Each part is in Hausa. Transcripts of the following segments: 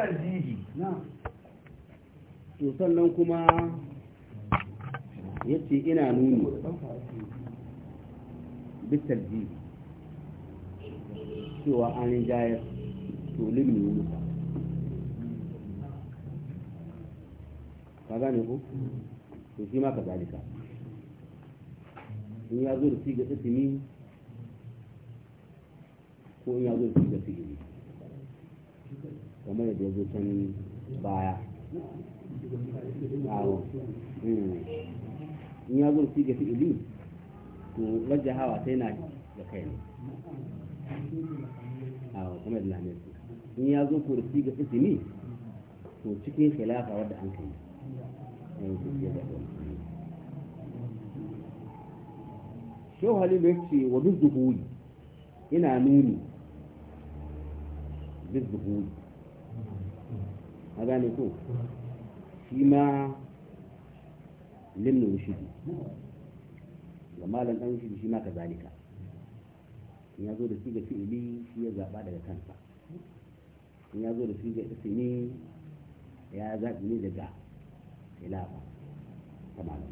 tarjihi to sannan kuma yace ina nuni bit tarjihi cewa an jaya to limni ne ka gane ko to shi ma ka zalika in ya zo da siga isimi ko in ya zo da siga sigiri kamar yadda ya zo can baya awo hmm. in ya zo su ga fi'ili to wajen hawa sai na da kai ne awo kuma da lamar su in ya zo ko da su ga isimi to cikin khilafa wadda an kai shehu halilu ya ce wa duk zuhuri ina nuni duk zuhuri a gane ko shi ma limnin rushidi ga malam ɗan rushidi shi ma ka zalika ya zo da shi fi'ili shi ya zaɓa daga kansa in ya zo da shi isini ya zaɓi ne daga ilafa ta malam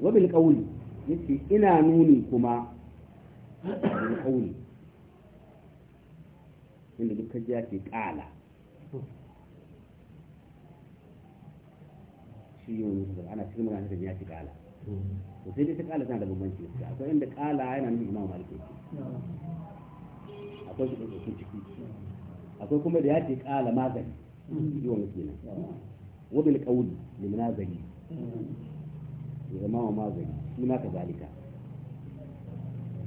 wabin ƙauli yace ina nuni kuma wabin ƙauli inda duk kaji ke ƙala shi yi wani ana cikin mana ta ke ƙala to sai dai ta ƙala tana da bambanci gaskiya akwai inda ƙala yana nuna imam malik yake akwai su ɗauki ciki akwai kuma da ya ce ƙala magani yi wani mutu nan wabil ƙauli limna zali ya zama wa magani suna ka zalika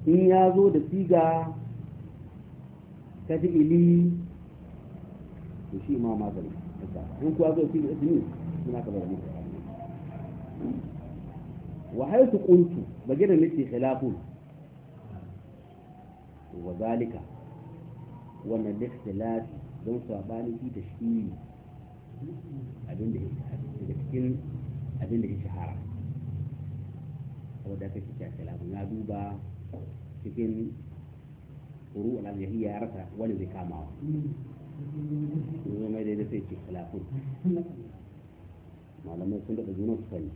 in ya zo da siga ta fi'ili to shi ma magani in kuwa zo fi ismi suna ka bayani wa haythu qultu bagira lati khilafun wa zalika wannan ikhtilafi don sabani fi tashkili abin da daga cikin abin da ya shahara saboda kake cewa khilafun ya duba cikin furu wal jahiliya ya rasa wani zai kama wa mai daidai sai ce khilafun malamai sun daɗa juna su sani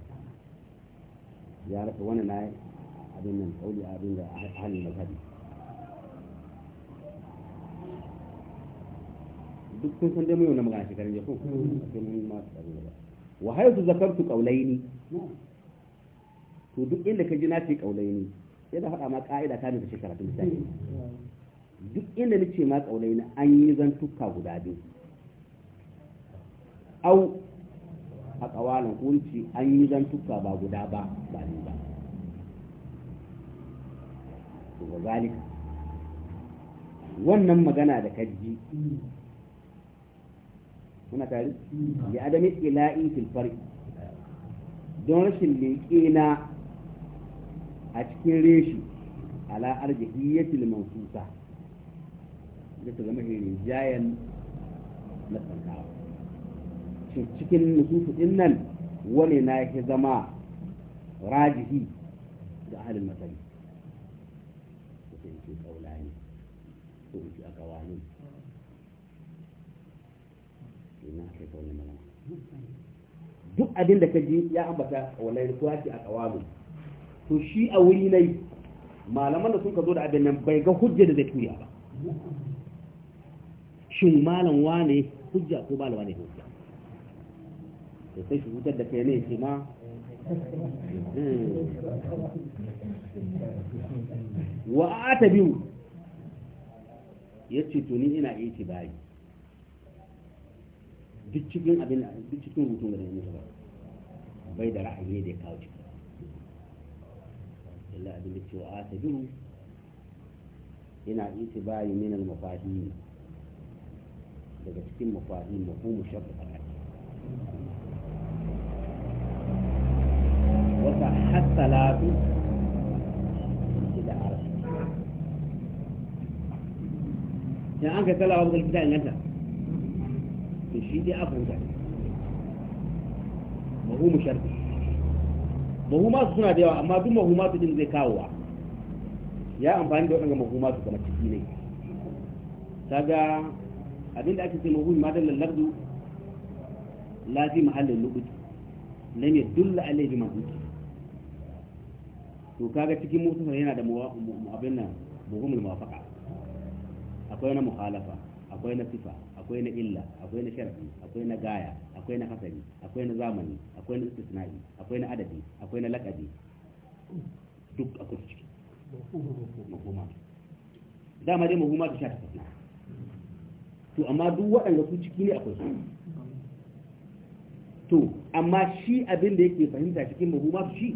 ya rasa wani na abin nan kauli abin da ahalin mazhabi duk sun san dai mai wannan magana shekarun jiya a sai mun ma tsari da wa zakar su kaulai qawlaini to duk inda ka ji na ce qawlaini sai da faɗa ma ka'ida ta nufi ta shekara ta misali duk inda nace ma kaulai na an yi zantuka guda biyu au a kawalan kunci an yi zantuka ba guda ba ba ni ba to zalika wannan magana da kaji muna tare ya adami ila'i fil farq don rashin leƙe na a cikin reshi ala arjihiyatil mansusa bisa ga mafi rinjayen na sankawa shi cikin nususu din nan wani na yake zama rajihi ga ahalin masani ta sai ce kaulani ko in ce akawani ina kai kaulani mana duk abin da ka ji ya ambata kaulani ko ya ce akawani to shi a wuri nai malaman da sun ka zo da abin nan bai ga hujja da zai tuya ba shin malam wane hujja ko malam wane hujja to sai shi da kai ne ce ma hmm. wa ata biyu ya ce to ni ina iya ce bayi duk cikin abin duk cikin rutun da ne ba bai da ra'ayi da kawo ciki Allah abin da ce wa ata biyu ina iya ce bayi minal mafahimi daga cikin mafahim a yaki wata hasalatu da arab yan an ka talawa bukal kita inganta to shi dai abu da shafi. shafqa masu suna da yawa amma duk mahumatu jin zai wa? ya amfani da waɗanda masu kamar ciki ne kaga abinda ake ce mawhum ma dalla lafzu la fi mahallin nubut lam yadulla alayhi bi mahmud to kaga cikin mutasar yana da abin nan buhumul muwafaqa akwai na muhalafa akwai na sifa akwai na illa akwai na sharfi akwai na gaya akwai na hasari akwai na zamani akwai na istisna'i akwai na adadi akwai na lakabi duk akwai ciki mahuma dama dai mahuma ta sha ta fasna to amma duk waɗanda su ciki ne akwai su to amma shi abin da yake fahimta cikin mahu ma su shi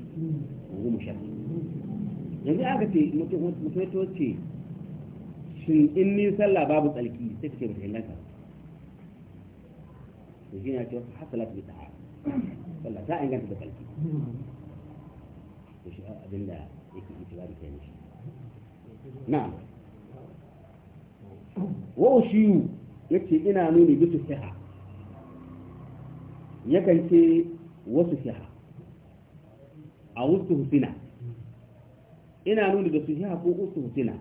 mahu mu shafi yanzu aka ce mutum ya ce shin in ni sallah babu tsalki sai ka ce mutum inganta to shi na ce wasu hasala ta bi ta'a sallah ta inganta da tsalki to shi abin da yake itiwa da kenan shi Na, wa ushiyu yace ina nuni bisu siha yakan ce wasu siha a wasu husina ina nuni da su siha ko wasu husina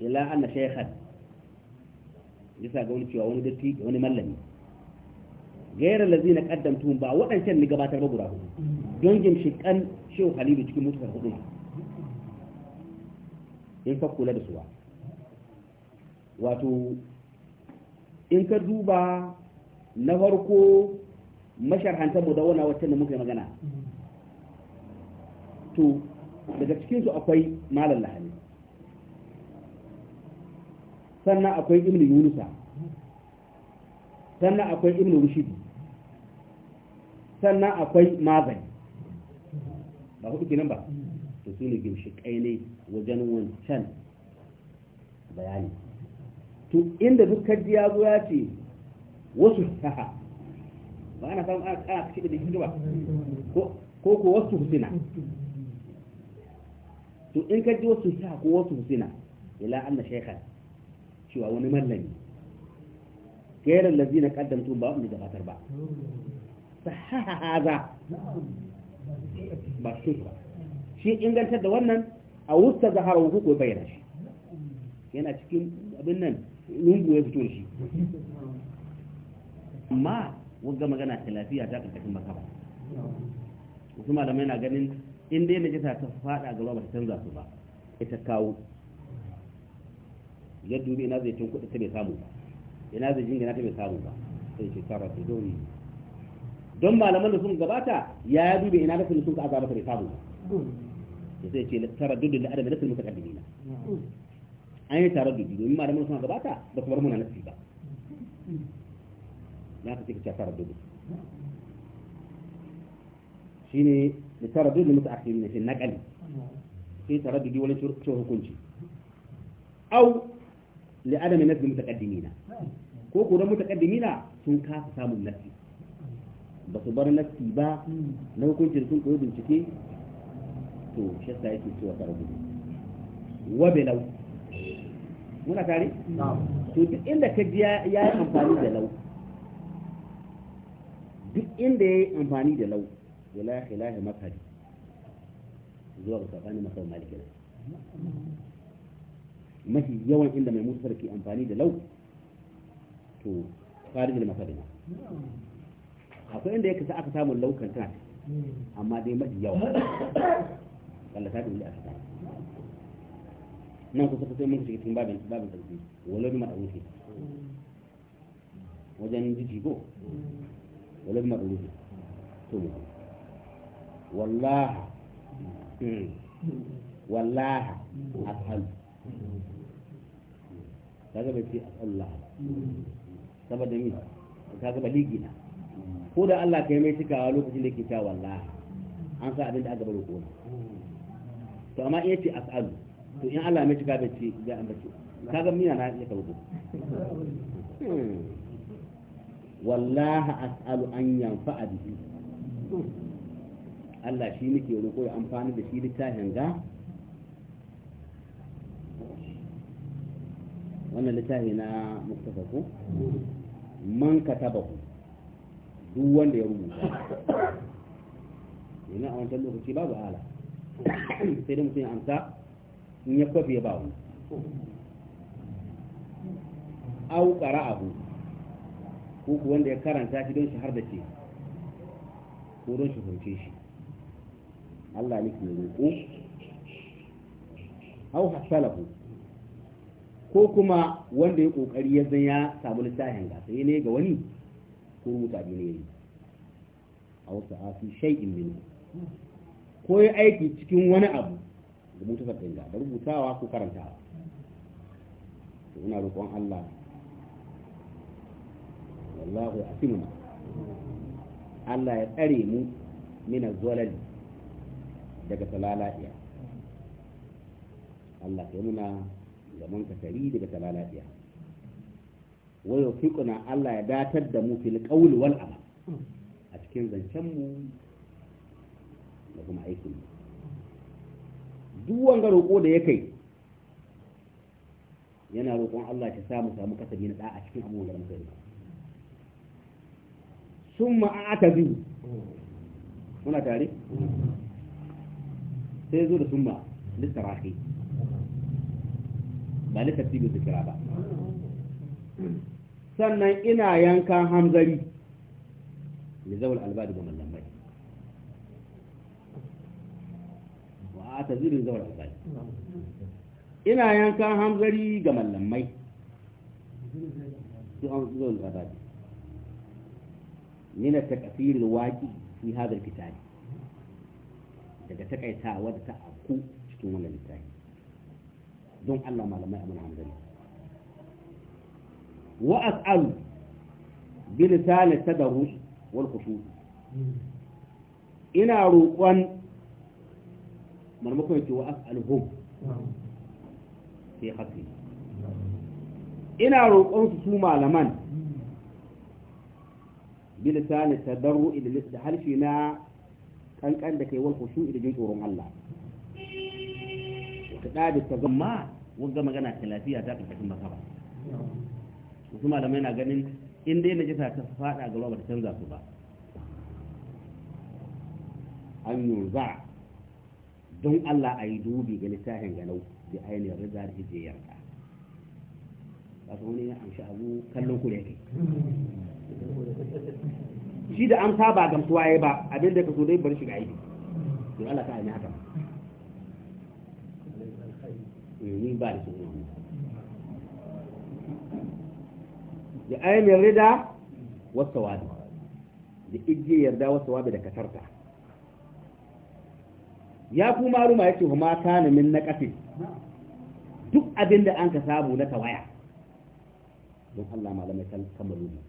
ila anna shaykhan yasa ga wani cewa wani datti da wani mallami gairar lazi na kaddamtuhun ba waɗancan ni gabatar ba guda hudu don gimshikan shehu halilu cikin mutuwar hudu in fa kula da suwa wato in ka duba na farko masharhantar mu da wana wacce da muka yi magana to daga cikinsu akwai malam lahani sannan akwai ibn yunusa sannan akwai ibn rushid sannan akwai mazai ba hudu nan ba to su ne ginshiƙai ne wajen wancan bayani to inda duk kaji ya zo ya ce wasu saha ba ana samun ana kana kashe da jikin ko ko wasu husina to in kaji wasu saha ko wasu husina ila anna shaykha cewa wani mallami gairar lazina qaddamtu ba wanda gabatar ba sahaha haza ba shi ba shi ingantar da wannan a wusta zaharar ko bayyana shi yana cikin abin nan lungu ya fito shi amma wanga magana ta lafiya ta ƙarƙashin makaba wasu malamai na ganin in dai najasa ta faɗa gaba ba ta canza su ba ita kawo ya dubi ina zai cin kuɗi ta bai samu ba ina zai jingina ta bai samu ba sai ce kara su zo don malaman da sun gabata ya ya dubi ina da sun ka azaba ta bai samu ba sai ce tara dudu da adam da sun muka kaddamina an yi tare da domin malaman suna gabata ba bar muna nasi ba ya ka ce ka tare da shi ne da tare da mutu akiri na shi naƙali sai tare da wani cewa hukunci au li adami nasi na ko ko da na sun kasa samun nasi ba su bar nasi ba na hukuncin sun koyi bincike to shi yasa yake cewa tare da wa lau. muna tare to duk inda ka ji ya yi amfani da lau duk inda ya yi amfani da lau wala khilahi makari zuwa ga sabani masau maliki mafi yawan inda mai musar ke amfani da lau to farin da makari na akwai inda ya kasa aka samun laukan tana hmm. amma dai mafi yawa kallata da wuli aka samu nan kusa sai mun shiga cikin babin babin sarki wala bi ma'rufi wajen jiji ko wala bi ma'rufi to wallahi wallahi afhal kaga bai ce Allah saboda ni kaga baligi na ko da Allah kai mai cikawa lokacin da ke ta wallahi an sa abin da aka bari ko to amma iya as'alu to in Allah mai shiga bace ga ka ga miya na ya kawo wallahi as'alu an yanfa'a bihi Allah shi nake roƙo ya amfani da shi littafin ga wannan littafi na Mustafa ko man kataba ku duk wanda ya rubuta yana a wancan lokaci babu ala sai da mutum ya amsa in ya kwafe ba hu au abu ko ku wanda ya karanta shi don shi har da ce ko don shi hoce shi Allah ne ke roƙo au hasalahu ko kuma wanda ya kokari ya zan ya samu littafin ga sai ne ga wani ko rubuta bi ne yayi a wasu asu shay'in ne. ko ya aiki cikin wani abu rubuta sabbin ga da rubutawa ko karantawa to ina roƙon Allah wallahu asimuna Allah ya tsare mu min zalali daga talalaiya Allah ya muna zaman tari daga talalaiya wa yufiquna Allah ya datar da mu fil qawli wal amal a cikin zancen mu da kuma aikin mu duk wanga roƙo da ya kai yana roƙon Allah ya samu samu kasabi na da'a cikin abubuwan da muka yi sun ma'ata biyu muna tare sai zo da sun ma littarahi ba littartibin zikira ba sannan ina yankan hamzari da zaul albadi ga mallam. a zaura ina yankan hanzari ga mallamai su an zuwan zazabi nina ta kasirin waƙi fi hadar fitari daga takaitawa da ta aku cikin wannan littafi don Allah malamai a mana wa as'alu bi lisan tadarrus wal khushu ina roƙon marmakon yake wa as'aluhum sai haske ina roƙon su su malaman bilisani tadarru da harshe na kankan da kai wal khushu ila jin tsoron Allah ta dadi ta gamma wanda magana ta lafiya ta ka cikin masaba wasu malamai na ganin in dai na najasa ta fada ga roba ba ta canza su ba an yunza don Allah a yi dubi ga littafin ganau da ainihin rida da hijiyar ka su wani an sha abu kallon ku da yake shi da amsa ba gamsuwa ya ba abin da ka so dai bari shiga aiki don Allah ka yi haka eh, ni ba da wani da ainihin rida wasu wadu da ijiyar da wasu wadu da katarta ya ku maruma yace huma kana min duk abin da an ka samu na tawaya don Allah malamai kan kamaru ne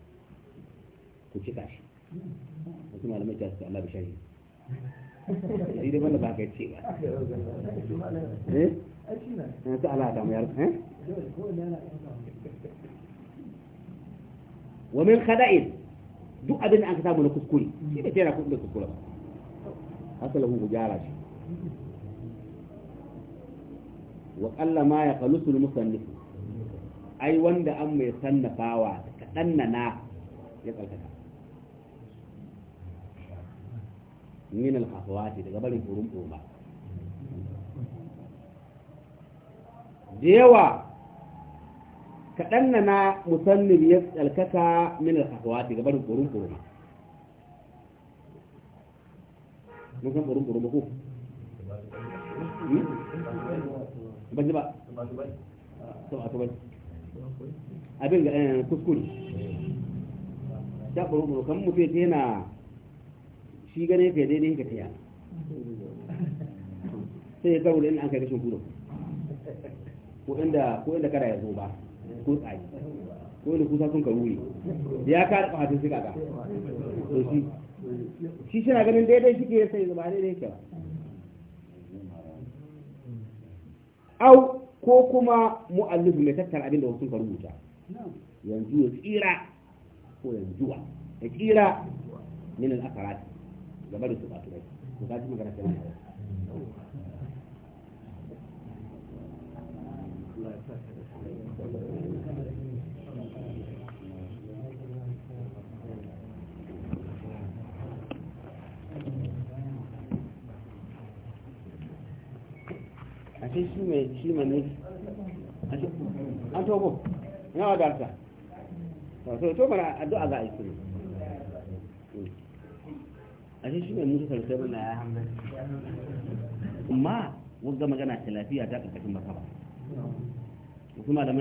ku shi wasu malamai ta su Allah shi dai wanda ba ka ce ba eh ta Allah ta eh? wa min duk abin da an ka samu na kuskure shi da kuskure ba gyara shi wa ƙalla ma ya kalusul musannifu ai wanda an mai sannafawa kaɗan na na ya tsarkaka min alhafawati daga barin furin ɓoma da yawa kaɗan na na musannif ya tsarkaka min alhafawati daga barin furin ɓoma mun san furin ɓoma ko Hmm? ban ji abin ga eh, kuskure kan mutu yana shi gane ka daidai ka taya sai ya kawo da an kai kashin kudu ko inda ko inda kada ya zo ba ko tsari ko inda kusa sun karu ne ya ka da fahatin suka ka to shi shi na ganin daidai shi ke sai zuba daidai ke ba au ko kuma mu'allifu mai tattara abin da wasu ka rubuta yanzu ya tsira ko yanzu wa ya tsira min al-akarat game da su ba turai ko ka ji magana ta yi sai shi mai shi mai an togo na wadansa to to mana addu'a za a yi su a shi hmm. shi mai mutu sarkai mana ya hamdan amma wanda magana ta lafiya ta karkashin makaba kuma da